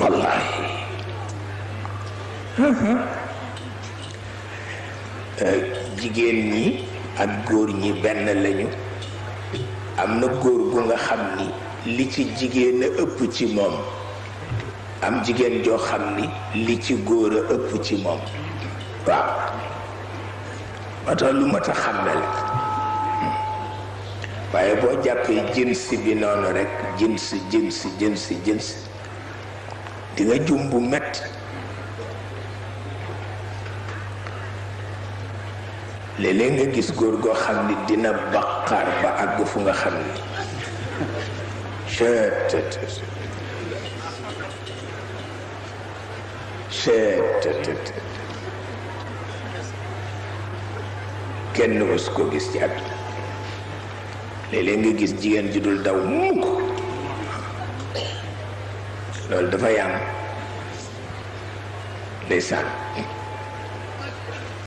wallaahi euh, jigéen ñi ak góor ñi benn lañu am na góor gu nga xam ni li ci jigéen a ëpp ci moom am jigéen joo xam ni li ci góor ëpp ci moom waaw moo lu mat a xam ne la waaye boo jàppee jins bi noonu rekk jins jins jins jins di nga jum bu metti léeg nga gis góor goo xam ni dina baqaar ba àgg fu nga xam ni ctt ctt kenn wës ko gis ci àdduna léeg-léeg nga gis jigéen ju dul daw mukk loolu dafa yam ndeysaan